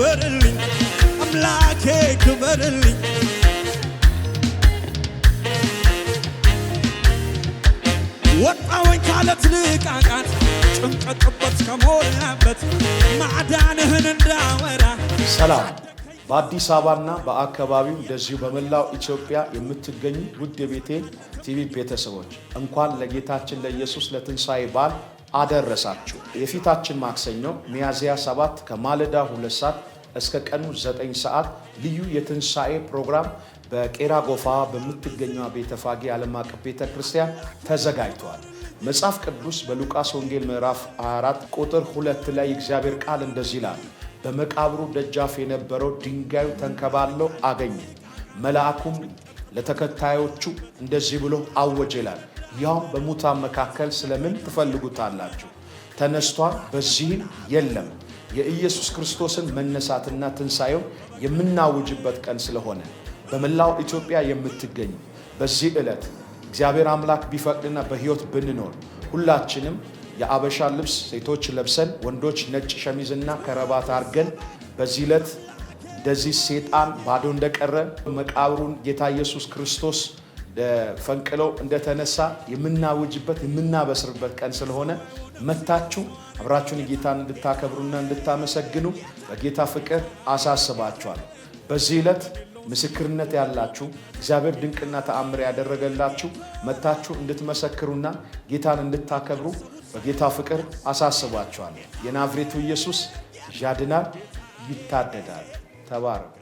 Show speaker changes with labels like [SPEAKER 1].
[SPEAKER 1] ክበርልኝ አምላኬ ክበርልኝ ወጣወኝ ካለት ልቃቃት ጭንቀት ከሞላበት ማዕዳንህን እንዳወራ ሰላም በአዲስ አበባና በአካባቢው እንደዚሁ በመላው ኢትዮጵያ የምትገኙ ውድ የቤቴ ቲቪ ቤተሰቦች እንኳን ለጌታችን ለኢየሱስ ለትንሣኤ በዓል አደረሳችሁ። የፊታችን ማክሰኞ ሚያዝያ 7 ከማለዳ 2 ሰዓት እስከ ቀኑ 9 ሰዓት ልዩ የትንሣኤ ፕሮግራም በቄራ ጎፋ በምትገኘው ቤተፋጊ ፋጌ ዓለም አቀፍ ቤተ ክርስቲያን ተዘጋጅተዋል። መጽሐፍ ቅዱስ በሉቃስ ወንጌል ምዕራፍ 24 ቁጥር ሁለት ላይ እግዚአብሔር ቃል እንደዚህ ይላል፣ በመቃብሩ ደጃፍ የነበረው ድንጋዩ ተንከባለው አገኘ። መልአኩም ለተከታዮቹ እንደዚህ ብሎ አወጀ ይላል ያውም በሙታን መካከል ስለምን ትፈልጉታላችሁ? ተነስቷ በዚህም የለም። የኢየሱስ ክርስቶስን መነሳትና ትንሣኤው የምናውጅበት ቀን ስለሆነ በመላው ኢትዮጵያ የምትገኝ በዚህ ዕለት እግዚአብሔር አምላክ ቢፈቅድና በሕይወት ብንኖር ሁላችንም የአበሻ ልብስ ሴቶች ለብሰን ወንዶች ነጭ ሸሚዝና ከረባት አድርገን በዚህ ዕለት እንደዚህ ሴጣን ባዶ እንደቀረ መቃብሩን ጌታ ኢየሱስ ክርስቶስ ፈንቅለው እንደተነሳ የምናውጅበት የምናበስርበት ቀን ስለሆነ መታችሁ አብራችሁን ጌታን እንድታከብሩና እንድታመሰግኑ በጌታ ፍቅር አሳስባችኋል። በዚህ ዕለት ምስክርነት ያላችሁ እግዚአብሔር ድንቅና ተአምር ያደረገላችሁ መታችሁ እንድትመሰክሩና ጌታን እንድታከብሩ በጌታ ፍቅር አሳስባችኋል። የናዝሬቱ ኢየሱስ ያድናል፣ ይታደጋል። ተባረኩ።